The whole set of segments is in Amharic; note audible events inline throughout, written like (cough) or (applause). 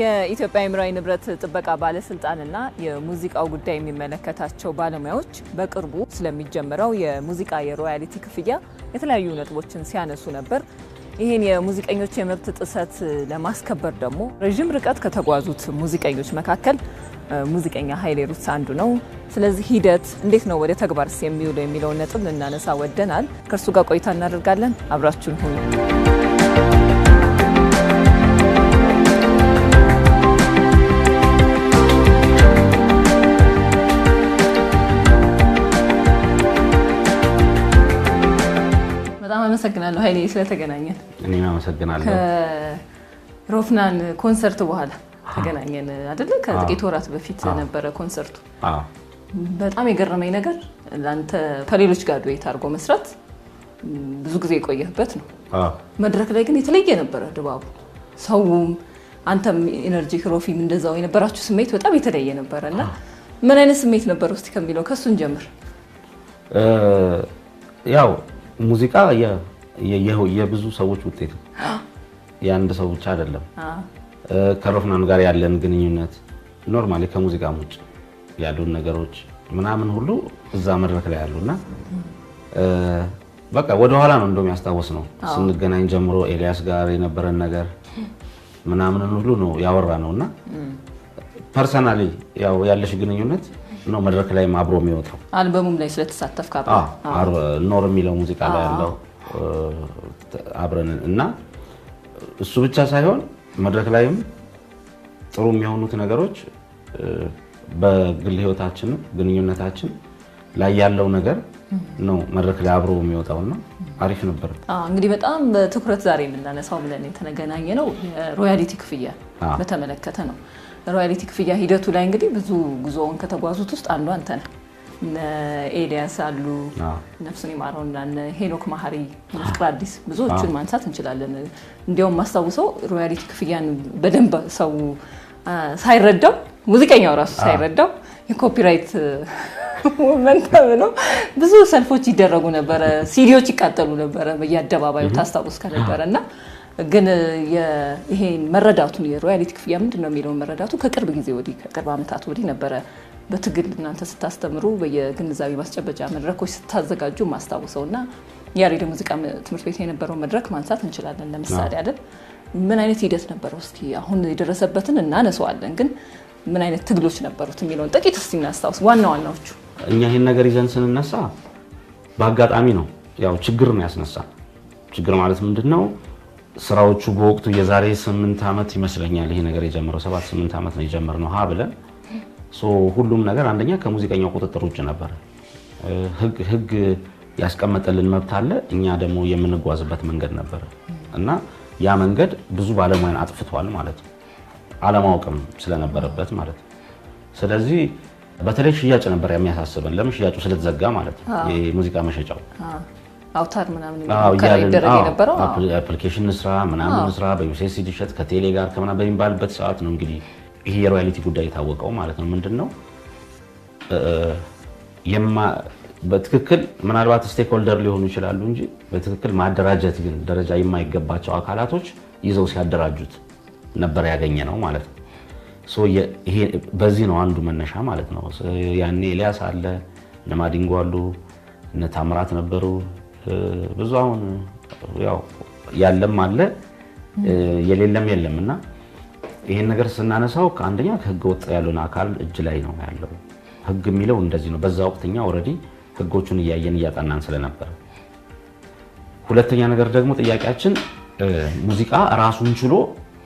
የኢትዮጵያ አእምሯዊ ንብረት ጥበቃ ባለስልጣንና የሙዚቃው ጉዳይ የሚመለከታቸው ባለሙያዎች በቅርቡ ስለሚጀምረው የሙዚቃ የሮያሊቲ ክፍያ የተለያዩ ነጥቦችን ሲያነሱ ነበር። ይህን የሙዚቀኞች የመብት ጥሰት ለማስከበር ደግሞ ረዥም ርቀት ከተጓዙት ሙዚቀኞች መካከል ሙዚቀኛ ሀይሌ ሩትስ አንዱ ነው። ስለዚህ ሂደት እንዴት ነው ወደ ተግባርስ የሚውለው የሚለውን ነጥብ ልናነሳ ወደናል። ከእርሱ ጋር ቆይታ እናደርጋለን። አብራችሁን ሁኑ። አመሰግናለሁ ኃይሌ ስለተገናኘን። እኔም አመሰግናለሁ። ከሮፍናን ኮንሰርት በኋላ ተገናኘን አይደለ? ከጥቂት ወራት በፊት ነበረ ኮንሰርቱ። በጣም የገረመኝ ነገር ለአንተ ከሌሎች ጋር ዱዌት አድርጎ መስራት ብዙ ጊዜ የቆየህበት ነው። መድረክ ላይ ግን የተለየ ነበረ ድባቡ፣ ሰውም፣ አንተም ኤነርጂ ሮፊም እንደዛው የነበራችሁ ስሜት በጣም የተለየ ነበረ እና ምን አይነት ስሜት ነበር ውስጥ ከሚለው ከእሱን ጀምር ያው ሙዚቃ የብዙ ሰዎች ውጤት ነው። የአንድ ሰው ብቻ አይደለም። ከሮፍናን ጋር ያለን ግንኙነት ኖርማሊ ከሙዚቃም ውጭ ያሉን ነገሮች ምናምን ሁሉ እዛ መድረክ ላይ ያሉና በቃ ወደኋላ ነው እንደውም ያስታወስ ነው ስንገናኝ ጀምሮ ኤልያስ ጋር የነበረን ነገር ምናምን ሁሉ ነው ያወራ ነው እና ፐርሰናሊ ያለሽ ግንኙነት ነው መድረክ ላይም አብሮ የሚወጣው። አልበሙም ላይ ስለተሳተፍክ ኖር የሚለው ሙዚቃ ላይ ያለው አብረን እና እሱ ብቻ ሳይሆን መድረክ ላይም ጥሩ የሚሆኑት ነገሮች በግል ህይወታችን ግንኙነታችን ላይ ያለው ነገር ነው መድረክ ላይ አብሮ የሚወጣውና አሪፍ ነበር። እንግዲህ በጣም በትኩረት ዛሬ የምናነሳው ብለን የተገናኘ ነው ሮያሊቲ ክፍያ በተመለከተ ነው። ሮያሊቲ ክፍያ ሂደቱ ላይ እንግዲህ ብዙ ጉዞውን ከተጓዙት ውስጥ አንዱ አንተ ነህ። እነ ኤልያስ አሉ፣ ነፍሱን ይማረው እና እነ ሄኖክ ማህሪ፣ ፍቅር አዲስ ብዙዎቹን ማንሳት እንችላለን። እንዲያውም ማስታውሰው ሮያሊቲ ክፍያን በደንብ ሰው ሳይረዳው ሙዚቀኛው ራሱ ሳይረዳው የኮፒራይት ሞመንት ብለው ብዙ ሰልፎች ይደረጉ ነበረ፣ ሲዲዎች ይቃጠሉ ነበረ በየአደባባዩ ታስታውስ ከነበረ እና ግን ይሄ መረዳቱን የሮያሊቲ ክፍያ ምንድን ነው የሚለውን መረዳቱ ከቅርብ ጊዜ ወዲህ ከቅርብ ዓመታት ወዲህ ነበረ በትግል እናንተ ስታስተምሩ በየግንዛቤ ማስጨበጫ መድረኮች ስታዘጋጁ ማስታውሰው እና ያሬድ ሙዚቃ ትምህርት ቤት የነበረው መድረክ ማንሳት እንችላለን። ለምሳሌ አይደል ምን አይነት ሂደት ነበረው? እስኪ አሁን የደረሰበትን እናነሰዋለን፣ ግን ምን አይነት ትግሎች ነበሩት የሚለውን ጥቂት እስኪ እናስታውስ፣ ዋና ዋናዎቹ። እኛ ይህን ነገር ይዘን ስንነሳ በአጋጣሚ ነው፣ ያው ችግር ነው ያስነሳ። ችግር ማለት ምንድን ነው? ስራዎቹ በወቅቱ የዛሬ ስምንት ዓመት ይመስለኛል ይሄ ነገር የጀመረው ሰባት ስምንት ዓመት ነው የጀመርነው ሀ ብለን ሁሉም ነገር አንደኛ ከሙዚቀኛው ቁጥጥር ውጭ ነበረ። ህግ ያስቀመጠልን መብት አለ፣ እኛ ደግሞ የምንጓዝበት መንገድ ነበረ እና ያ መንገድ ብዙ ባለሙያን አጥፍቷል ማለት ነው፣ አለማወቅም ስለነበረበት ማለት ነው። ስለዚህ በተለይ ሽያጭ ነበር የሚያሳስበን፣ ለምን ሽያጩ ስለተዘጋ ማለት ነው የሙዚቃ መሸጫው አውታር ምናምን ይደረግ የነበረው አፕሊኬሽን ስራ ምናምን ስራ በዩሴሲዲ ሸጥ ከቴሌ ጋር ከምና በሚባልበት ሰዓት ነው እንግዲህ ይሄ የሮያሊቲ ጉዳይ የታወቀው ማለት ነው። ምንድን ነው በትክክል ምናልባት ስቴክሆልደር ሊሆኑ ይችላሉ እንጂ በትክክል ማደራጀት ግን ደረጃ የማይገባቸው አካላቶች ይዘው ሲያደራጁት ነበር ያገኘ ነው ማለት ነው። በዚህ ነው አንዱ መነሻ ማለት ነው። ያኔ ኤልያስ አለ፣ እነ ማዲንጎ አሉ፣ እነ ታምራት ነበሩ ብዙ አሁን ያው ያለም አለ የሌለም የለም እና ይህን ነገር ስናነሳው አንደኛ ከህገ ወጥ ያለውን አካል እጅ ላይ ነው ያለው። ህግ የሚለው እንደዚህ ነው። በዛ ወቅትኛ ኦልሬዲ ህጎቹን እያየን እያጠናን ስለነበረ፣ ሁለተኛ ነገር ደግሞ ጥያቄያችን ሙዚቃ ራሱን ችሎ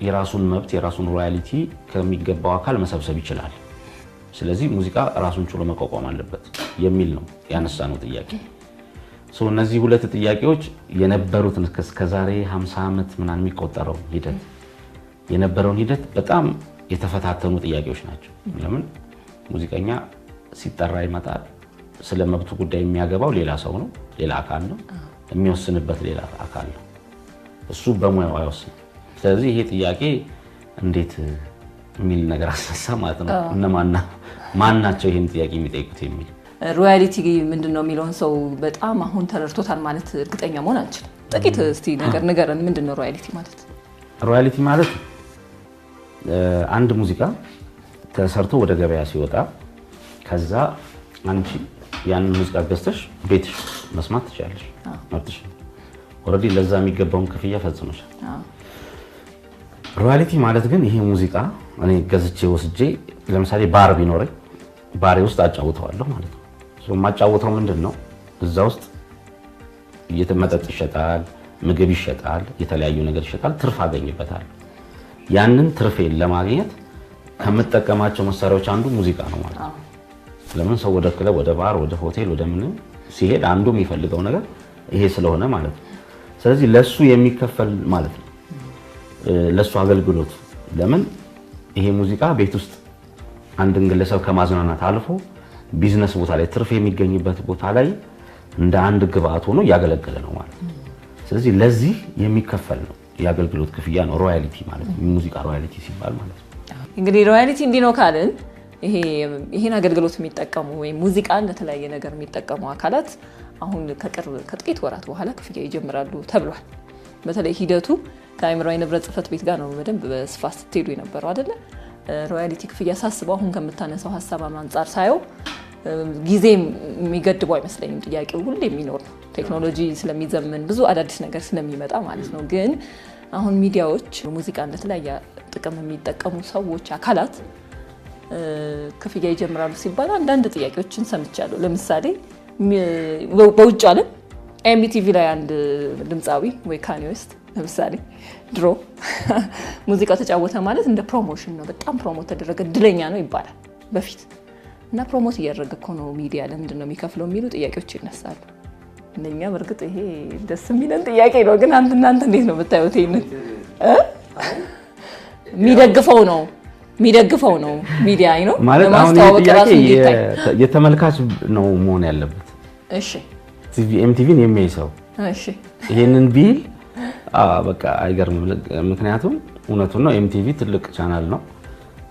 የራሱን መብት የራሱን ሮያሊቲ ከሚገባው አካል መሰብሰብ ይችላል። ስለዚህ ሙዚቃ ራሱን ችሎ መቋቋም አለበት የሚል ነው ያነሳነው ጥያቄ። እነዚህ ሁለት ጥያቄዎች የነበሩትን እስከዛሬ 50 ዓመት ምናምን የሚቆጠረው ሂደት የነበረውን ሂደት በጣም የተፈታተኑ ጥያቄዎች ናቸው። ለምን ሙዚቀኛ ሲጠራ ይመጣል። ስለ መብቱ ጉዳይ የሚያገባው ሌላ ሰው ነው፣ ሌላ አካል ነው፣ የሚወስንበት ሌላ አካል ነው። እሱ በሙያው አይወስንም። ስለዚህ ይሄ ጥያቄ እንዴት የሚል ነገር አስነሳ ማለት ነው። እነማና ማን ናቸው ይህን ጥያቄ የሚጠይቁት የሚል ሮያሊቲ ምንድን ነው የሚለውን ሰው በጣም አሁን ተረድቶታል ማለት እርግጠኛ መሆን አልችልም። ጥቂት እስቲ ነገር ንገረን፣ ምንድን ነው ሮያሊቲ ማለት? ሮያሊቲ ማለት አንድ ሙዚቃ ተሰርቶ ወደ ገበያ ሲወጣ ከዛ አንቺ ያንን ሙዚቃ ገዝተሽ ቤትሽ መስማት ትችላለሽ፣ መብትሽ። ኦልሬዲ ለዛ የሚገባውን ክፍያ ፈጽመሻል። ሮያሊቲ ማለት ግን ይሄ ሙዚቃ እኔ ገዝቼ ወስጄ ለምሳሌ ባር ቢኖረኝ ባሬ ውስጥ አጫውተዋለሁ ማለት ነው። የማጫወተው ምንድን ነው? እዛ ውስጥ መጠጥ ይሸጣል፣ ምግብ ይሸጣል፣ የተለያዩ ነገር ይሸጣል። ትርፍ አገኝበታል። ያንን ትርፌን ለማግኘት ከምጠቀማቸው መሳሪያዎች አንዱ ሙዚቃ ነው ማለት ነው። ለምን ሰው ወደ ክለብ፣ ወደ ባር፣ ወደ ሆቴል፣ ወደ ምን ሲሄድ አንዱ የሚፈልገው ነገር ይሄ ስለሆነ ማለት ነው። ስለዚህ ለሱ የሚከፈል ማለት ነው፣ ለሱ አገልግሎት ለምን ይሄ ሙዚቃ ቤት ውስጥ አንድን ግለሰብ ከማዝናናት አልፎ ቢዝነስ ቦታ ላይ ትርፍ የሚገኝበት ቦታ ላይ እንደ አንድ ግብአት ሆኖ እያገለገለ ነው ማለት ነው። ስለዚህ ለዚህ የሚከፈል ነው የአገልግሎት ክፍያ ነው ሮያሊቲ ማለት ነው። ሙዚቃ ሮያሊቲ ሲባል ማለት ነው እንግዲህ ሮያሊቲ እንዲህ ነው ካልን ይህን አገልግሎት የሚጠቀሙ ወይም ሙዚቃን ለተለያየ ነገር የሚጠቀሙ አካላት አሁን ከቅርብ ከጥቂት ወራት በኋላ ክፍያ ይጀምራሉ ተብሏል። በተለይ ሂደቱ ከአእምሯዊ ንብረት ጽሕፈት ቤት ጋር ነው በደንብ በስፋት ስትሄዱ የነበረው አይደለ? ሮያሊቲ ክፍያ ሳስበው አሁን ከምታነሳው ሀሳብ አንጻር ሳየው ጊዜም የሚገድቡ አይመስለኝም። ጥያቄው ሁሌ የሚኖር ነው። ቴክኖሎጂ ስለሚዘምን ብዙ አዳዲስ ነገር ስለሚመጣ ማለት ነው። ግን አሁን ሚዲያዎች ሙዚቃን ለተለያየ ጥቅም የሚጠቀሙ ሰዎች፣ አካላት ክፍያ ይጀምራሉ ሲባል አንዳንድ ጥያቄዎችን ሰምቻለሁ። ለምሳሌ በውጭ ዓለም ኤምቢቲቪ ላይ አንድ ድምፃዊ ወይ ካኒ ለምሳሌ ድሮ (laughs) ሙዚቃው ተጫወተ ማለት እንደ ፕሮሞሽን ነው፣ በጣም ፕሮሞት ተደረገ፣ እድለኛ ነው ይባላል በፊት እና ፕሮሞት እያደረገ እኮ ነው ሚዲያ ለምንድን ነው የሚከፍለው የሚሉ ጥያቄዎች ይነሳሉ። እነኛ በእርግጥ ይሄ ደስ የሚለን ጥያቄ ነው፣ ግን አንተ እናንተ እንዴት ነው የምታዩት? ይሄንን የሚደግፈው ነው የሚደግፈው ነው ሚዲያ ነው ማለት አሁን ጥያቄ የተመልካች ነው መሆን ያለበት። እሺ ኤምቲቪን የሚያይ ሰው ይሄንን ቢል በቃ አይገርምም። ምክንያቱም እውነቱን ነው ኤምቲቪ ትልቅ ቻናል ነው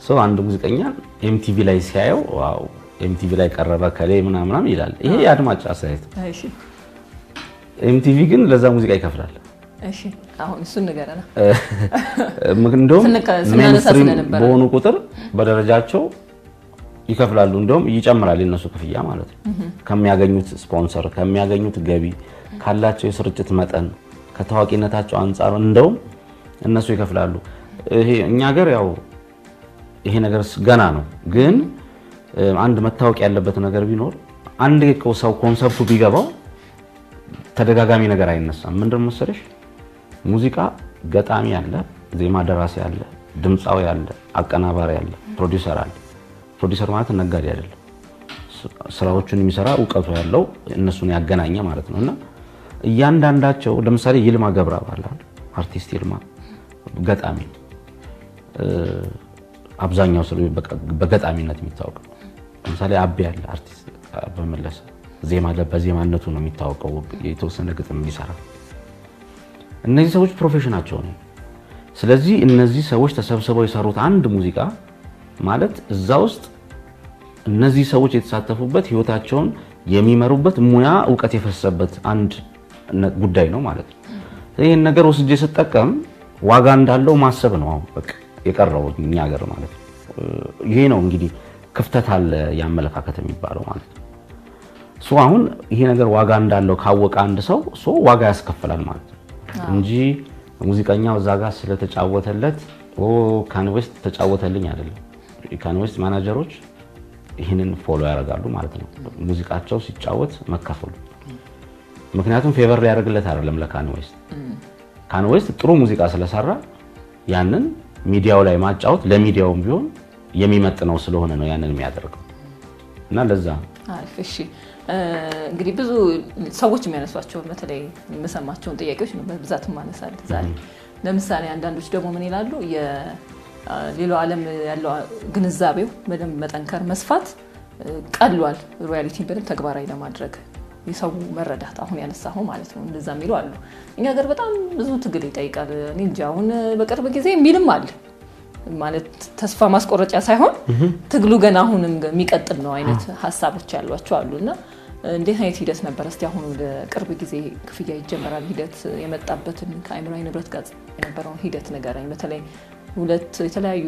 ሰው አንድ ሙዚቀኛ ኤምቲቪ ላይ ሲያየው ዋው ኤምቲቪ ላይ ቀረበ ከሌ ምናምናም ይላል። ይሄ የአድማጭ አስተያየት ኤምቲቪ ግን ለዛ ሙዚቃ ይከፍላል። አሁን እሱን (laughs) እንደውም ሜንስትሪም በሆኑ ቁጥር በደረጃቸው ይከፍላሉ። እንደውም ይጨምራል የነሱ ክፍያ ማለት ነው። ከሚያገኙት ስፖንሰር፣ ከሚያገኙት ገቢ፣ ካላቸው የስርጭት መጠን፣ ከታዋቂነታቸው አንጻር እንደውም እነሱ ይከፍላሉ። ይሄ እኛ ሀገር ያው ይሄ ነገር ገና ነው። ግን አንድ መታወቅ ያለበት ነገር ቢኖር አንድ ሰው ኮንሰፕቱ ቢገባው ተደጋጋሚ ነገር አይነሳም። ምንድን መሰለሽ ሙዚቃ ገጣሚ አለ፣ ዜማ ደራሲ አለ፣ ድምፃዊ አለ፣ አቀናባሪ አለ፣ ፕሮዲውሰር አለ። ፕሮዲውሰር ማለት ነጋዴ አይደለም። ስራዎቹን የሚሰራ እውቀቱ ያለው እነሱን ያገናኘ ማለት ነው። እና እያንዳንዳቸው ለምሳሌ ይልማ ገብረአብ አለ፣ አርቲስት ይልማ ገጣሚ አብዛኛው ሰው በገጣሚነት የሚታወቅ ለምሳሌ አቤ ያለ አርቲስት በመለሰ ዜማ በዜማነቱ ነው የሚታወቀው። የተወሰነ ግጥም የሚሰራ እነዚህ ሰዎች ፕሮፌሽናቸው ነው። ስለዚህ እነዚህ ሰዎች ተሰብስበው የሰሩት አንድ ሙዚቃ ማለት እዛ ውስጥ እነዚህ ሰዎች የተሳተፉበት ህይወታቸውን የሚመሩበት ሙያ እውቀት የፈሰበት አንድ ጉዳይ ነው ማለት ነው። ይህን ነገር ወስጄ ስጠቀም ዋጋ እንዳለው ማሰብ ነው አሁን በቃ የቀረቡት እኛ ሀገር ማለት ነው። ይሄ ነው እንግዲህ ክፍተት አለ የአመለካከት የሚባለው ማለት ነው። አሁን ይሄ ነገር ዋጋ እንዳለው ካወቀ አንድ ሰው ዋጋ ያስከፍላል ማለት ነው እንጂ ሙዚቀኛው እዛ ጋር ስለተጫወተለት ካኒ ተጫወተልኝ አይደለም። የካኒ ማናጀሮች ይህንን ፎሎ ያደርጋሉ ማለት ነው። ሙዚቃቸው ሲጫወት መከፈሉ ምክንያቱም ፌቨር ሊያደርግለት አይደለም ለካኒ ዌስት። ጥሩ ሙዚቃ ስለሰራ ያንን ሚዲያው ላይ ማጫወት ለሚዲያውም ቢሆን የሚመጥነው ስለሆነ ነው ያንን የሚያደርገው እና ለዛ እሺ እንግዲህ ብዙ ሰዎች የሚያነሷቸውን በተለይ የምሰማቸውን ጥያቄዎች ነው በብዛት ማነሳል ዛሬ ለምሳሌ አንዳንዶች ደግሞ ምን ይላሉ ሌላው ዓለም ያለው ግንዛቤው በደንብ መጠንከር መስፋት ቀሏል ሮያሊቲን በደንብ ተግባራዊ ለማድረግ የሰው መረዳት አሁን ያነሳሁ ማለት ነው። እንደዛ የሚሉ አሉ። እኛ ሀገር በጣም ብዙ ትግል ይጠይቃል። እኔ እንጂ አሁን በቅርብ ጊዜ የሚልም አለ ማለት ተስፋ ማስቆረጫ ሳይሆን ትግሉ ገና አሁንም የሚቀጥል ነው አይነት ሀሳቦች ያሏቸው አሉ እና እንዴት አይነት ሂደት ነበር? እስቲ አሁኑ ለቅርብ ጊዜ ክፍያ ይጀመራል ሂደት የመጣበትን ከአእምሯዊ ንብረት ጋር የነበረውን ሂደት ንገረኝ። በተለይ ሁለት የተለያዩ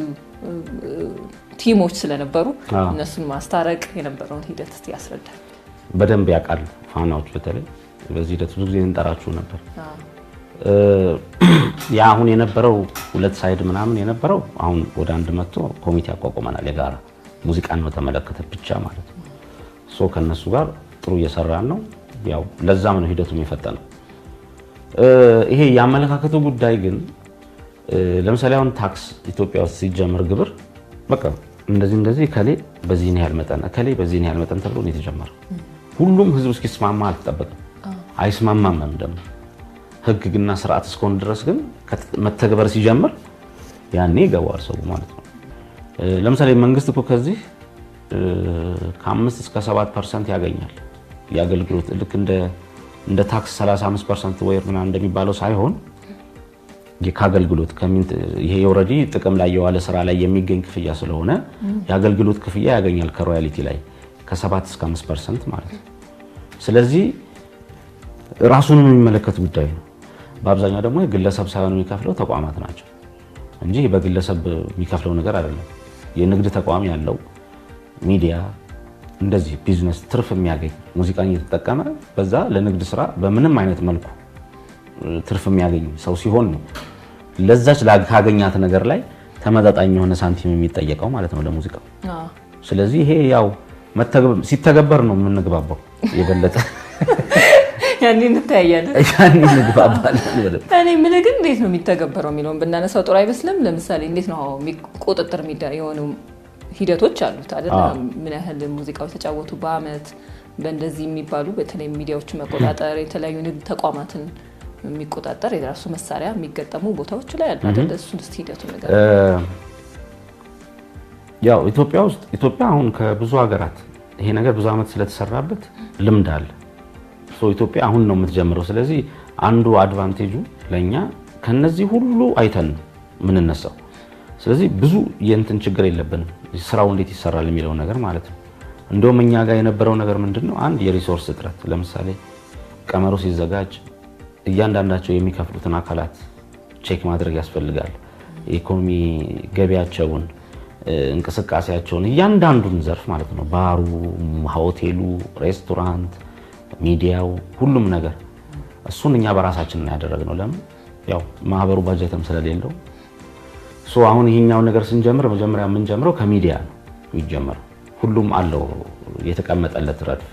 ቲሞች ስለነበሩ እነሱን ማስታረቅ የነበረውን ሂደት ያስረዳል። በደንብ ያውቃል ፋናዎች በተለይ በዚህ ሂደት ብዙ ጊዜ እንጠራችሁ ነበር። (clears throat) ያ አሁን የነበረው ሁለት ሳይድ ምናምን የነበረው አሁን ወደ አንድ መቶ ኮሚቴ አቋቁመናል። የጋራ ሙዚቃን በተመለከተ ብቻ ማለት ነው። ሶ ጋር ጥሩ እየሰራን ነው። ያው ለዛም ነው ሂደቱ የፈጠነው። ይሄ የአመለካከቱ ጉዳይ ግን ለምሳሌ አሁን ታክስ ኢትዮጵያ ውስጥ ሲጀምር ግብር በቃ እንደዚህ እንደዚህ ከሌ በዚህን ያህል መጠን ከሌ በዚህን ያህል መጠን ተብሎ ነው የተጀመረው። ሁሉም ህዝብ እስኪስማማ አልጠበቅም። አይስማማምም ደግሞ ህግ ስርዓት እስከሆን ድረስ ግን መተግበር ሲጀምር ያኔ ይገባዋል ሰው ማለት ነው። ለምሳሌ መንግስት እኮ ከዚህ ከአምስት እስከ ሰባት ፐርሰንት ያገኛል የአገልግሎት ልክ እንደ ታክስ 35 ፐርሰንት ወይ ምናምን እንደሚባለው ሳይሆን ከአገልግሎት ይሄ ኦልሬዲ ጥቅም ላይ የዋለ ስራ ላይ የሚገኝ ክፍያ ስለሆነ የአገልግሎት ክፍያ ያገኛል ከሮያሊቲ ላይ ከ7 እስከ 5 ፐርሰንት ማለት ነው። ስለዚህ ራሱን የሚመለከት ጉዳይ ነው። በአብዛኛው ደግሞ የግለሰብ ሳይሆን የሚከፍለው ተቋማት ናቸው እንጂ በግለሰብ የሚከፍለው ነገር አይደለም። የንግድ ተቋም ያለው ሚዲያ እንደዚህ ቢዝነስ ትርፍ የሚያገኝ ሙዚቃን እየተጠቀመ በዛ ለንግድ ስራ በምንም አይነት መልኩ ትርፍ የሚያገኝ ሰው ሲሆን ነው ለዛች ካገኛት ነገር ላይ ተመጣጣኝ የሆነ ሳንቲም የሚጠየቀው ማለት ነው ለሙዚቃው። ስለዚህ ይሄ ያው ሲተገበር ነው የምንግባባው የበለጠ (laughs) ያኔ እንተያያለን (laughs) እኔ የምልህ ግን እንዴት ነው የሚተገበረው የሚለውን ብናነሳው ጥሩ አይመስልም። ለምሳሌ እንዴት ነው ቁጥጥር የሆኑ ሂደቶች አሉት አይደል? ምን ያህል ሙዚቃዎች ተጫወቱ በአመት በእንደዚህ የሚባሉ በተለይ ሚዲያዎች መቆጣጠር፣ የተለያዩ ንግድ ተቋማትን የሚቆጣጠር የራሱ መሳሪያ የሚገጠሙ ቦታዎች ላይ አሉ አይደል? እሱን እስኪ ሂደቱ ነገር ያው ኢትዮጵያ ውስጥ ኢትዮጵያ አሁን ከብዙ ሀገራት ይሄ ነገር ብዙ ዓመት ስለተሰራበት ልምድ አለ። ኢትዮጵያ አሁን ነው የምትጀምረው። ስለዚህ አንዱ አድቫንቴጁ ለእኛ ከነዚህ ሁሉ አይተን ነው የምንነሳው። ስለዚህ ብዙ የእንትን ችግር የለብንም፣ ስራው እንዴት ይሰራል የሚለው ነገር ማለት ነው። እንደውም እኛ ጋር የነበረው ነገር ምንድን ነው? አንድ የሪሶርስ እጥረት። ለምሳሌ ቀመሩ ሲዘጋጅ እያንዳንዳቸው የሚከፍሉትን አካላት ቼክ ማድረግ ያስፈልጋል። የኢኮኖሚ ገቢያቸውን እንቅስቃሴያቸውን እያንዳንዱን ዘርፍ ማለት ነው፣ ባሩ፣ ሆቴሉ፣ ሬስቶራንት፣ ሚዲያው፣ ሁሉም ነገር እሱን እኛ በራሳችን ነው ያደረግነው። ለምን ያው ማህበሩ ባጀትም ስለሌለው አሁን ይሄኛው ነገር ስንጀምር መጀመሪያ የምንጀምረው ከሚዲያ ነው የሚጀምረው። ሁሉም አለው የተቀመጠለት ረድፍ።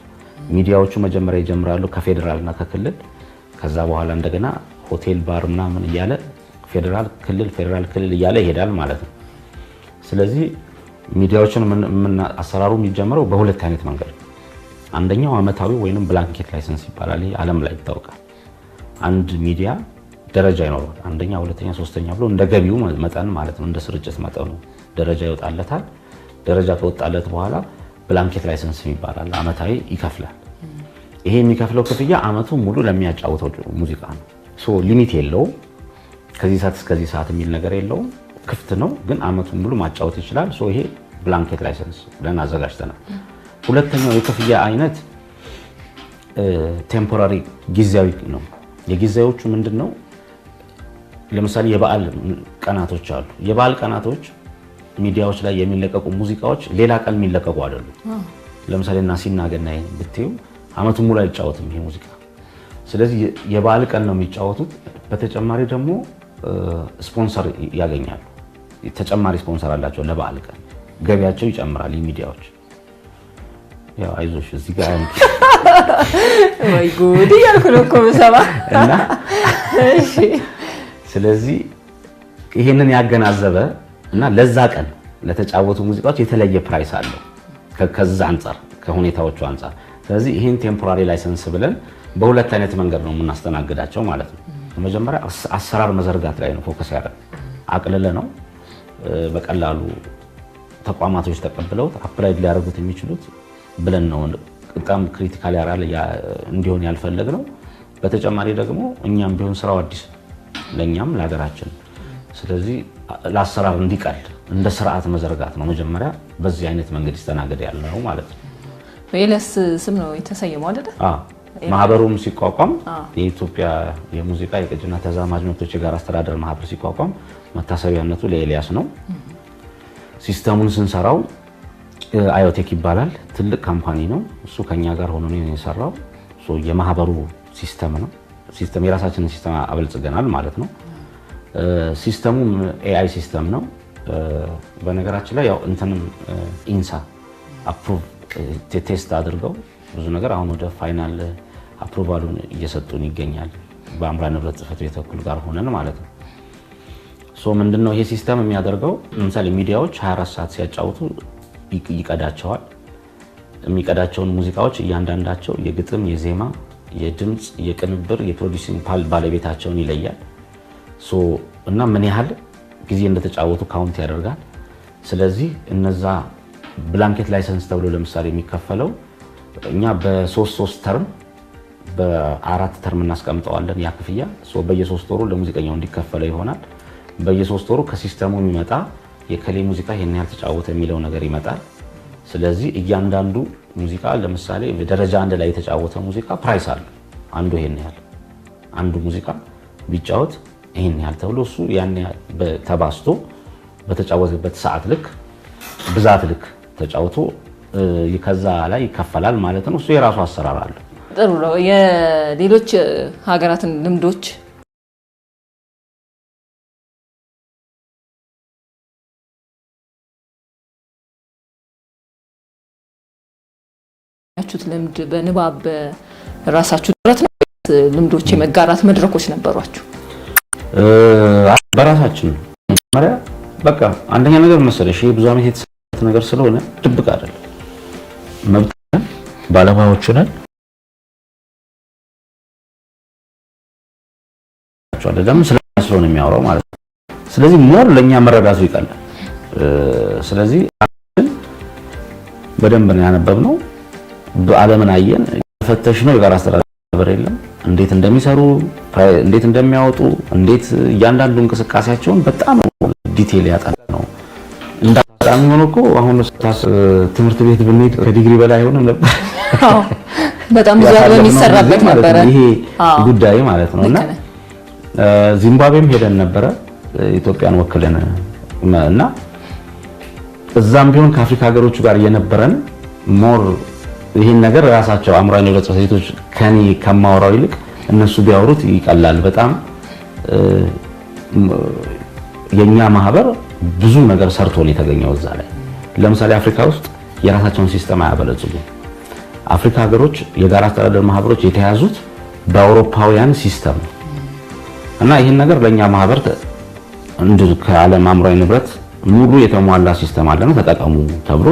ሚዲያዎቹ መጀመሪያ ይጀምራሉ ከፌዴራልና ከክልል። ከዛ በኋላ እንደገና ሆቴል ባር ምናምን እያለ ፌዴራል ክልል ፌዴራል ክልል እያለ ይሄዳል ማለት ነው። ስለዚህ ሚዲያዎችን አሰራሩ የሚጀምረው በሁለት አይነት መንገድ አንደኛው አመታዊ ወይም ብላንኬት ላይሰንስ ይባላል። ይህ ዓለም ላይ ይታወቃል። አንድ ሚዲያ ደረጃ ይኖረዋል። አንደኛ፣ ሁለተኛ፣ ሶስተኛ ብሎ እንደ ገቢው መጠን ማለት ነው እንደ ስርጭት መጠኑ ደረጃ ይወጣለታል። ደረጃ ከወጣለት በኋላ ብላንኬት ላይሰንስ ይባላል። አመታዊ ይከፍላል። ይሄ የሚከፍለው ክፍያ አመቱ ሙሉ ለሚያጫውተው ሙዚቃ ነው። ሊሚት የለውም። ከዚህ ሰዓት እስከዚህ ሰዓት የሚል ነገር የለውም። ክፍት ነው፣ ግን አመቱን ሙሉ ማጫወት ይችላል። ይሄ ብላንኬት ላይሰንስ ብለን አዘጋጅተናል። ሁለተኛው የክፍያ አይነት ቴምፖራሪ ጊዜያዊ ነው። የጊዜያዎቹ ምንድን ነው? ለምሳሌ የበዓል ቀናቶች አሉ። የበዓል ቀናቶች ሚዲያዎች ላይ የሚለቀቁ ሙዚቃዎች ሌላ ቀን የሚለቀቁ አይደሉም። ለምሳሌ እና ሲናገና ብትዩ አመቱን ሙሉ አይጫወትም ይሄ ሙዚቃ። ስለዚህ የበዓል ቀን ነው የሚጫወቱት። በተጨማሪ ደግሞ ስፖንሰር ያገኛሉ። ተጨማሪ ስፖንሰር አላቸው። ለበዓል ቀን ገቢያቸው ይጨምራል። የሚዲያዎች አይዞሽ እዚህ ጋር (laughs) ወይ ጉድ እያልኩ ነው እኮ ብሰማ እና (laughs) ስለዚህ ይሄንን ያገናዘበ እና ለዛ ቀን ለተጫወቱ ሙዚቃዎች የተለየ ፕራይስ አለው ከዛ አንጻር ከሁኔታዎቹ አንጻር። ስለዚህ ይህን ቴምፖራሪ ላይሰንስ ብለን በሁለት አይነት መንገድ ነው የምናስተናግዳቸው ማለት ነው። መጀመሪያ አሰራር መዘርጋት ላይ ነው ፎከስ ያደረግ አቅልለ ነው በቀላሉ ተቋማቶች ተቀብለው አፕላይድ ሊያደርጉት የሚችሉት ብለን ነው በጣም ክሪቲካል ያራል እንዲሆን ያልፈለግ ነው። በተጨማሪ ደግሞ እኛም ቢሆን ስራው አዲስ ለእኛም ለሀገራችን፣ ስለዚህ ለአሰራር እንዲቀል እንደ ስርዓት መዘርጋት ነው መጀመሪያ። በዚህ አይነት መንገድ ይስተናገድ ያለው ማለት ነው። ኤልያስ ስም ነው የተሰየመው አይደለ? ማህበሩም ሲቋቋም የኢትዮጵያ የሙዚቃ የቅጅና ተዛማጅ መብቶች የጋራ አስተዳደር ማህበር ሲቋቋም መታሰቢያነቱ ለኤልያስ ነው። ሲስተሙን ስንሰራው አዮቴክ ይባላል። ትልቅ ካምፓኒ ነው። እሱ ከኛ ጋር ሆኖ ነው የሰራው። የማህበሩ ሲስተም ነው። ሲስተም የራሳችንን ሲስተም አበልጽገናል ማለት ነው። ሲስተሙም ኤአይ ሲስተም ነው። በነገራችን ላይ ያው እንትንም ኢንሳ አፕሩቭ ቴስት አድርገው ብዙ ነገር አሁን ወደ ፋይናል አፕሩቫሉን እየሰጡን ይገኛል። በአምራ ንብረት ጽሕፈት ቤት ጋር ሆነን ማለት ነው። ሶ ምንድነው ይሄ ሲስተም የሚያደርገው? ለምሳሌ ሚዲያዎች 24 ሰዓት ሲያጫውቱ ይቀዳቸዋል። የሚቀዳቸውን ሙዚቃዎች እያንዳንዳቸው የግጥም፣ የዜማ፣ የድምፅ፣ የቅንብር፣ የፕሮዲሲንግ ባለቤታቸውን ይለያል እና ምን ያህል ጊዜ እንደተጫወቱ ካውንት ያደርጋል። ስለዚህ እነዛ ብላንኬት ላይሰንስ ተብሎ ለምሳሌ የሚከፈለው እኛ በሶስት ሶስት ተርም በአራት ተርም እናስቀምጠዋለን። ያ ክፍያ በየሶስት ወሩ ለሙዚቀኛው እንዲከፈለው ይሆናል። በየሶስት ወሩ ከሲስተሙ የሚመጣ የከሌ ሙዚቃ ይሄን ያህል ተጫወተ የሚለው ነገር ይመጣል። ስለዚህ እያንዳንዱ ሙዚቃ ለምሳሌ ደረጃ አንድ ላይ የተጫወተ ሙዚቃ ፕራይስ አለ። አንዱ ይሄን ያህል አንዱ ሙዚቃ ቢጫወት ይሄን ያህል ተብሎ እሱ ያን ተባስቶ በተጫወተበት ሰዓት ልክ ብዛት ልክ ተጫውቶ ከዛ ላይ ይከፈላል ማለት ነው። እሱ የራሱ አሰራር አለ። ጥሩ ነው። የሌሎች ሀገራትን ልምዶች ባገኛችሁት ልምድ በንባብ በራሳችሁ ጥረት ነው ልምዶች የመጋራት መድረኮች ነበሯችሁ? በራሳችን መሪያ በቃ አንደኛ ነገር መሰለሽ ይሄ ብዙ ዓመት የተሰራት ነገር ስለሆነ ድብቅ አይደለም። መብት ባለሙያዎቹ ነን አይደለም ስለሆነ የሚያወራው ማለት ነው። ስለዚህ ሞር ለኛ መረዳቱ ይቀላል። ስለዚህ በደንብ ነው ያነበብነው። ዓለምን አየን። ፈተሽ ነው የጋራ አስተዳደር የለም እንዴት እንደሚሰሩ እንዴት እንደሚያወጡ እንዴት እያንዳንዱ እንቅስቃሴያቸውን በጣም ዲቴል ያጠና ነው። እንዳጣም ሆኖ እኮ አሁን ስታስ ትምህርት ቤት ብንሄድ ከዲግሪ በላይ አይሆንም ነበር። አዎ በጣም ብዙ የሚሰራበት ነበረ ይሄ ጉዳይ ማለት ነው። እና ዚምባብዌም ሄደን ነበረ ኢትዮጵያን ወክለን እና እዛም ቢሆን ከአፍሪካ ሀገሮቹ ጋር የነበረን ሞር ይህን ነገር ራሳቸው አእምሯዊ ለውጥ ሴቶች ከኔ ከማወራው ይልቅ እነሱ ቢያወሩት ይቀላል። በጣም የኛ ማህበር ብዙ ነገር ሰርቶ ነው የተገኘው። እዛ ላይ ለምሳሌ አፍሪካ ውስጥ የራሳቸውን ሲስተም አያበለጽጉም። አፍሪካ ሀገሮች የጋራ አስተዳደር ማህበሮች የተያዙት በአውሮፓውያን ሲስተም ነው እና ይህን ነገር ለእኛ ማህበር እንድ ከዓለም አእምሯዊ ንብረት ሙሉ የተሟላ ሲስተም አለ ነው ተጠቀሙ ተብሎ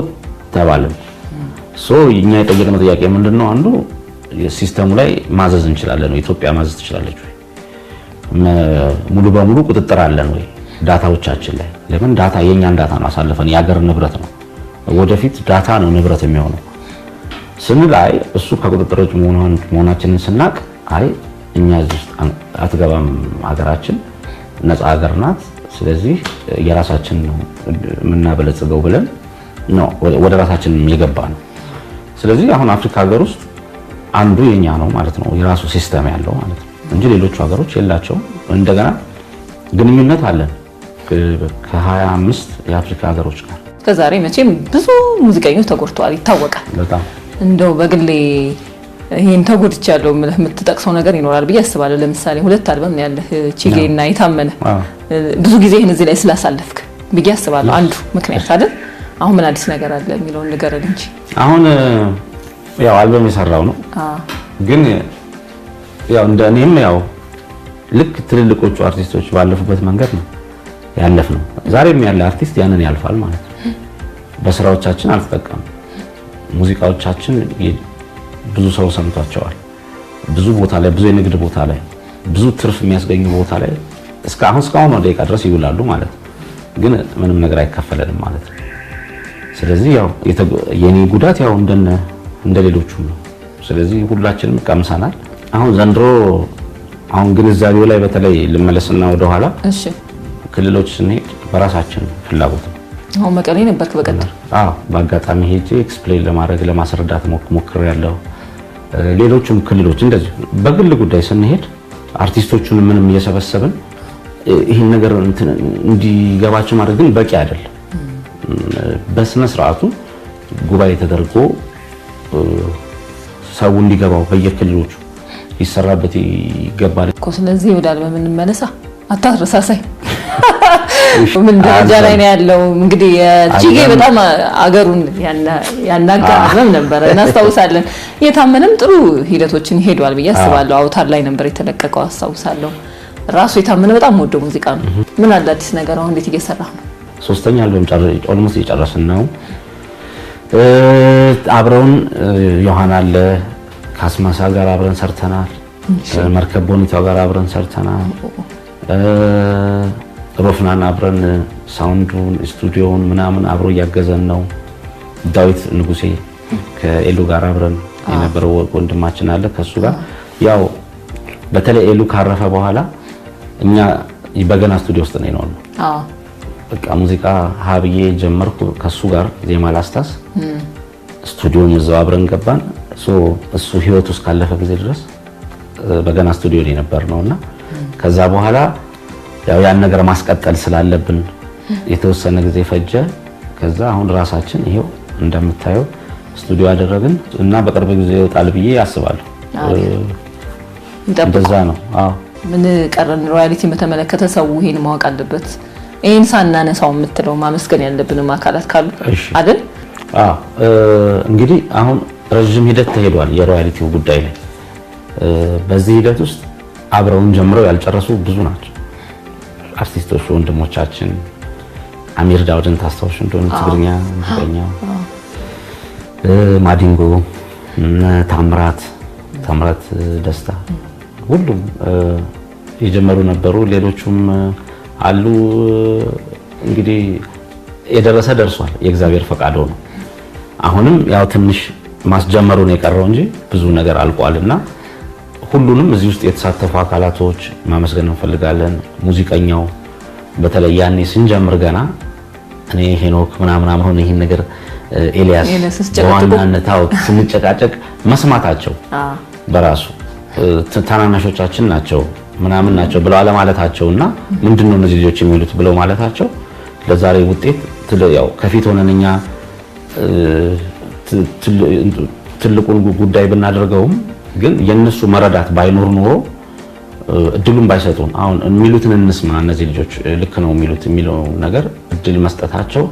ተባለም። እኛ የጠየቅነው ጥያቄ ምንድን ነው? አንዱ ሲስተሙ ላይ ማዘዝ እንችላለን ወይ? ኢትዮጵያ ማዘዝ ትችላለች ወይ? ሙሉ በሙሉ ቁጥጥር አለን ወይ ዳታዎቻችን ላይ? ለምን ዳታ የእኛን ዳታ ነው አሳልፈን፣ የሀገር ንብረት ነው። ወደፊት ዳታ ነው ንብረት የሚሆነው ስንል አይ እሱ ከቁጥጥር ውጭ መሆናችንን ስናቅ አይ እኛ እዚህ ውስጥ አትገባም፣ ሀገራችን ነፃ ሀገር ናት። ስለዚህ የራሳችን ነው የምናበለጽገው ብለን ነው ወደ ራሳችን የገባ ነው። ስለዚህ አሁን አፍሪካ ሀገር ውስጥ አንዱ የኛ ነው ማለት ነው፣ የራሱ ሲስተም ያለው ማለት ነው እንጂ ሌሎቹ ሀገሮች የላቸውም። እንደገና ግንኙነት አለን ከ25 የአፍሪካ ሀገሮች ጋር እስከዛሬ መቼም ብዙ ሙዚቀኞች ተጎድተዋል፣ ይታወቃል። በጣም እንደው በግሌ ይህን ተጎድቻለሁ የምትጠቅሰው ነገር ይኖራል ብዬ አስባለሁ። ለምሳሌ ሁለት አልበም ያለህ ቺጌ እና የታመነ ብዙ ጊዜ ይህን እዚህ ላይ ስላሳለፍክ ብዬ አስባለሁ። አንዱ ምክንያት አይደል አሁን ምን አዲስ ነገር አለ የሚለውን ንገረን እንጂ። አሁን ያው አልበም የሰራው ነው ግን ያው እንደ እኔም ያው ልክ ትልልቆቹ አርቲስቶች ባለፉበት መንገድ ነው ያለፍ ነው። ዛሬም ያለ አርቲስት ያንን ያልፋል ማለት ነው። በስራዎቻችን አልተጠቀም ሙዚቃዎቻችን ብዙ ሰው ሰምቷቸዋል። ብዙ ቦታ ላይ ብዙ የንግድ ቦታ ላይ ብዙ ትርፍ የሚያስገኙ ቦታ ላይ እስካሁን እስካሁን ደቂቃ ድረስ ይውላሉ ማለት ነው። ግን ምንም ነገር አይከፈለንም ማለት ነው። ስለዚህ ያው የኔ ጉዳት ያው እንደነ እንደ ሌሎቹ ነው። ስለዚህ ሁላችንም ቀምሰናል። አሁን ዘንድሮ አሁን ግንዛቤው ላይ በተለይ ልመለስና ወደኋላ እሺ፣ ክልሎች ስንሄድ በራሳችን ፍላጎት ነው። አሁን መቀሌ ነበርክ በቀጥታ? አዎ፣ በአጋጣሚ ሄጄ ኤክስፕሌን ለማድረግ ለማስረዳት ያለው ሌሎችም ክልሎች እንደዚህ በግል ጉዳይ ስንሄድ አርቲስቶቹን ምንም እየሰበሰብን ይህን ነገር እንዲገባቸው ማድረግ ግን በቂ አይደለም። በስነ ስርዓቱ ጉባኤ ተደርጎ ሰው እንዲገባው በየክልሎቹ ይሰራበት ይገባል እኮ። ስለዚህ ይወዳል በምንመለሳ አታረሳሳይ ምን ደረጃ ላይ ነው ያለው? እንግዲህ እጅጌ በጣም አገሩን ያናጋርም ነበረ እናስታውሳለን። የታመነም ጥሩ ሂደቶችን ሄዷል ብዬ አስባለሁ። አውታር ላይ ነበር የተለቀቀው አስታውሳለሁ። ራሱ የታመነ በጣም ወደ ሙዚቃ ነው። ምን አለ አዲስ ነገር አሁን እንዴት እየሰራ ነው? ሶስተኛ አልበም ኦልሞስት እየጨረስን ነው። አብረውን ዮሐና አለ ከአስማሳ ጋር አብረን ሰርተናል። መርከብ ቦኒታው ጋር አብረን ሰርተናል። ሮፍናን አብረን ሳውንዱን ስቱዲዮውን ምናምን አብሮ እያገዘን ነው። ዳዊት ንጉሴ ከኤሉ ጋር አብረን የነበረው ወንድማችን አለ። ከሱ ጋር ያው በተለይ ኤሉ ካረፈ በኋላ እኛ በገና ስቱዲዮ ውስጥ ነው የኖርነው። በቃ ሙዚቃ ሀብዬ ጀመርኩ። ከሱ ጋር ዜማ ላስታስ ስቱዲዮም እዛው አብረን ገባን። እሱ ህይወቱ ካለፈ ጊዜ ድረስ በገና ስቱዲዮ የነበር ነው እና ከዛ በኋላ ያው ያን ነገር ማስቀጠል ስላለብን የተወሰነ ጊዜ ፈጀ። ከዛ አሁን ራሳችን ይሄው እንደምታየው ስቱዲዮ አደረግን እና በቅርብ ጊዜ ይወጣል ብዬ አስባለሁ። እንደዛ ነው። ምን ቀረን? ሮያሊቲን በተመለከተ ሰው ይሄን ማወቅ አለበት። ይህን ሳናነሳው የምትለው ማመስገን ያለብንም አካላት ካሉ አይደል? እንግዲህ አሁን ረዥም ሂደት ተሄዷል የሮያሊቲው ጉዳይ ላይ። በዚህ ሂደት ውስጥ አብረውን ጀምረው ያልጨረሱ ብዙ ናቸው አርቲስቶች ወንድሞቻችን። አሚር ዳውድን ታስታውሽ እንደሆነ ትግርኛ ሙዚቀኛ ማዲንጎ ታምራት ታምራት ደስታ ሁሉም የጀመሩ ነበሩ። ሌሎቹም አሉ እንግዲህ የደረሰ ደርሷል። የእግዚአብሔር ፈቃድ ሆኖ አሁንም ያው ትንሽ ማስጀመሩ ነው የቀረው እንጂ ብዙ ነገር አልቋልና ሁሉንም እዚህ ውስጥ የተሳተፉ አካላቶች ማመስገን እንፈልጋለን። ሙዚቀኛው በተለይ ያኔ ስንጀምር ገና እኔ ሄኖክ ምናምን አሁን ይህን ነገር ኤልያስ በዋናነት ስንጨቃጨቅ መስማታቸው በራሱ ተናናሾቻችን ናቸው። ምናምን ናቸው ብለው አለማለታቸው እና ምንድን ነው እነዚህ ልጆች የሚሉት ብለው ማለታቸው ለዛሬ ውጤት ያው ከፊት ሆነን እኛ ትልቁን ጉዳይ ብናደርገውም ግን የእነሱ መረዳት ባይኖር ኖሮ እድሉን ባይሰጡን አሁን የሚሉትን እንስማ። እነዚህ ልጆች ልክ ነው የሚሉት የሚለው ነገር እድል መስጠታቸው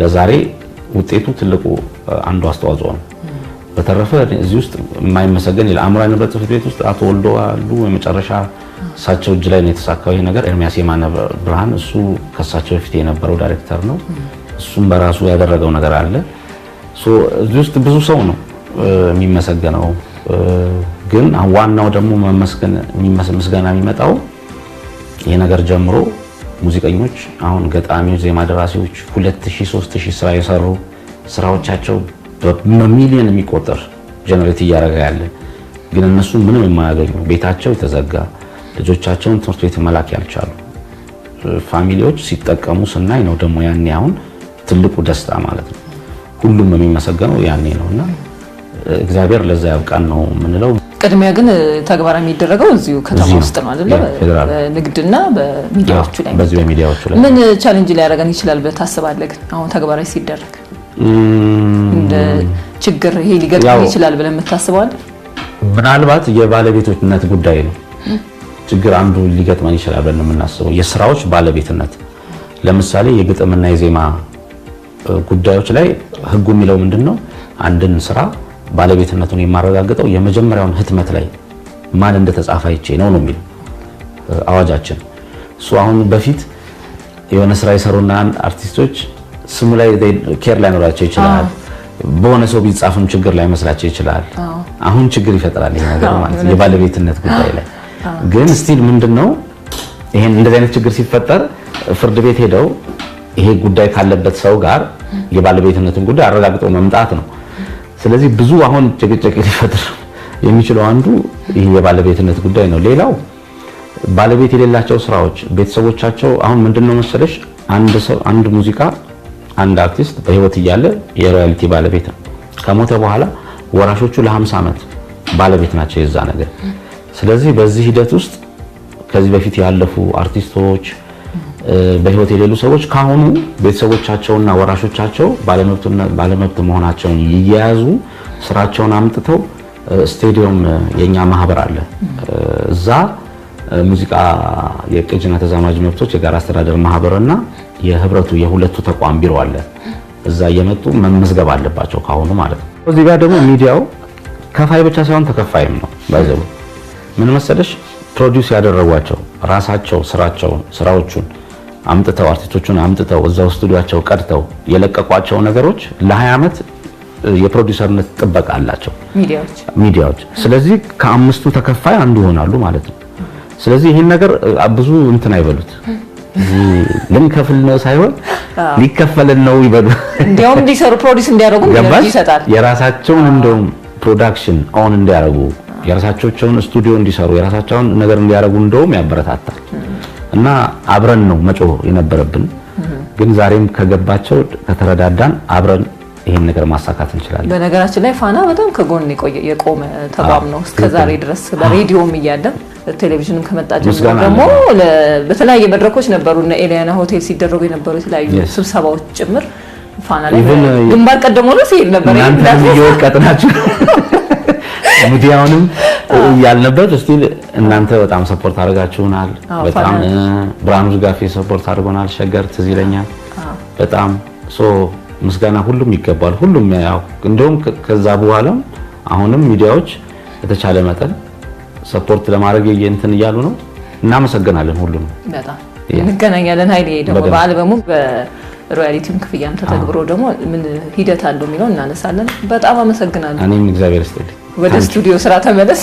ለዛሬ ውጤቱ ትልቁ አንዱ አስተዋጽኦ ነው። በተረፈ እዚህ ውስጥ የማይመሰገን የአእምሯዊ ንብረት ጽሕፈት ቤት ውስጥ አቶ ወልዶ አሉ የመጨረሻ እሳቸው እጅ ላይ ነው የተሳካው ይሄ ነገር። ኤርሚያስ የማነ ብርሃን እሱ ከእሳቸው በፊት የነበረው ዳይሬክተር ነው። እሱም በራሱ ያደረገው ነገር አለ። እዚህ ውስጥ ብዙ ሰው ነው የሚመሰገነው። ግን ዋናው ደግሞ ምስጋና የሚመጣው ይሄ ነገር ጀምሮ ሙዚቀኞች አሁን ገጣሚዎች፣ ዜማ ደራሲዎች ሁለት ሺህ ስራ የሰሩ ስራዎቻቸው በሚሊዮን የሚቆጠር ጀነሬት እያደረገ ያለ ግን እነሱ ምንም የማያገኙ ቤታቸው የተዘጋ ልጆቻቸውን ትምህርት ቤት መላክ ያልቻሉ ፋሚሊዎች ሲጠቀሙ ስናይ ነው ደግሞ ያኔ አሁን ትልቁ ደስታ ማለት ነው። ሁሉም የሚመሰገነው ያኔ ነው እና እግዚአብሔር ለዛ ያብቃን ነው የምንለው። ቅድሚያ ግን ተግባራዊ የሚደረገው እዚሁ ከተማ ውስጥ ነው አይደለ? በንግድና በሚዲያዎቹ ላይ ምን ቻሌንጅ ሊያደርገን ይችላል ብለህ ታስባለህ? ግን አሁን ተግባራዊ ሲደረግ እንደ ችግር ይሄ ሊገጥም ይችላል ብለህ የምታስበዋል? ምናልባት የባለቤቶችነት ጉዳይ ነው ችግር አንዱ ሊገጥመን ይችላል ብለን የምናስበው የስራዎች ባለቤትነት። ለምሳሌ የግጥምና የዜማ ጉዳዮች ላይ ህጉ የሚለው ምንድን ነው? አንድን ስራ ባለቤትነቱን የማረጋግጠው የመጀመሪያውን ህትመት ላይ ማን እንደተጻፈ አይቼ ነው ነው የሚል አዋጃችን። እሱ አሁን በፊት የሆነ ስራ የሰሩና አርቲስቶች ስሙ ላይ ኬር ላይኖራቸው ይችላል። በሆነ ሰው ቢጻፍም ችግር መስላቸው ይችላል። አሁን ችግር ይፈጥራል ይሄ ነገር ማለት የባለቤትነት ጉዳይ ላይ ግን ስቲል ምንድነው ይሄን እንደዚህ አይነት ችግር ሲፈጠር ፍርድ ቤት ሄደው ይሄ ጉዳይ ካለበት ሰው ጋር የባለቤትነትን ጉዳይ አረጋግጦ መምጣት ነው። ስለዚህ ብዙ አሁን ጭቅጭቅ ሊፈጥር የሚችለው አንዱ ይሄ የባለቤትነት ጉዳይ ነው። ሌላው ባለቤት የሌላቸው ስራዎች ቤተሰቦቻቸው አሁን ምንድነው መሰለሽ አንድ ሰው አንድ ሙዚቃ አንድ አርቲስት በህይወት እያለ የሮያልቲ ባለቤት ነው። ከሞተ በኋላ ወራሾቹ ለ50 ዓመት ባለቤት ናቸው የዛ ነገር ስለዚህ በዚህ ሂደት ውስጥ ከዚህ በፊት ያለፉ አርቲስቶች፣ በህይወት የሌሉ ሰዎች ካሁኑ ቤተሰቦቻቸውና ወራሾቻቸው ባለመብት መሆናቸውን እየያዙ ስራቸውን አምጥተው ስቴዲየም የኛ ማህበር አለ እዛ ሙዚቃ የቅጅና ተዛማጅ መብቶች የጋራ አስተዳደር ማህበርና የህብረቱ የሁለቱ ተቋም ቢሮ አለ። እዛ እየመጡ መመዝገብ አለባቸው ካሁኑ ማለት ነው። እዚህ ጋር ደግሞ ሚዲያው ከፋይ ብቻ ሳይሆን ተከፋይም ነው ባይዘው ምን መሰለሽ ፕሮዲውስ ያደረጓቸው ራሳቸው ስራቸውን ስራዎቹን አምጥተው አርቲስቶቹን አምጥተው እዛው ስቱዲዮቸው ቀድተው የለቀቋቸው ነገሮች ለ20 ዓመት የፕሮዲውሰርነት ጥበቃ አላቸው ሚዲያዎች። ስለዚህ ከአምስቱ ተከፋይ አንዱ ይሆናሉ ማለት ነው። ስለዚህ ይህን ነገር ብዙ እንትን አይበሉት ልንከፍል ነው ሳይሆን ሊከፈልን ነው ይበሉ። እንዲያውም እንዲሰሩ ፕሮዲውስ እንዲያደርጉ ይሰጣል። የራሳቸውን እንደውም ፕሮዳክሽን ኦን እንዲያደርጉ የራሳቸውን ስቱዲዮ እንዲሰሩ የራሳቸውን ነገር እንዲያደርጉ እንደውም ያበረታታል እና አብረን ነው መጮህ የነበረብን። ግን ዛሬም ከገባቸው ከተረዳዳን አብረን ይሄን ነገር ማሳካት እንችላለን። በነገራችን ላይ ፋና በጣም ከጎን የቆመ ተቋም ነው ዛሬ ድረስ በሬዲዮም እያለ ቴሌቪዥንም ከመጣ ጀምሮ ደግሞ በተለያየ መድረኮች ነበሩ እና ኤሊያና ሆቴል ሲደረጉ የነበሩ የተለያዩ ስብሰባዎች ጭምር ፋና ላይ ግንባር ቀደም ሆኖ ሲሄድ ነበር። እናንተ እየወቀጥናችሁ (laughs) ሚዲያውንም ያልንበት እስቲል እናንተ በጣም ሰፖርት አድርጋችሁናል። በጣም ብርሃኑ ዝጋፌ ሰፖርት አድርጎናል። ሸገር ትዝ ይለኛል በጣም ሶ ምስጋና ሁሉም ይገባል። ሁሉም ያው እንደውም ከዛ በኋላም አሁንም ሚዲያዎች የተቻለ መጠን ሰፖርት ለማድረግ እንትን እያሉ ነው። እናመሰግናለን። ሁሉም በጣም እንገናኛለን። ሀይሌ ደግሞ በአልበሙ በሮያሊቲም ክፍያም ተተግብሮ ደግሞ ምን ሂደት አለው የሚለው እናነሳለን። በጣም አመሰግናለሁ። እኔም እግዚአብሔር ይስጥልኝ። ወደ ስቱዲዮ ስራ ተመለስ።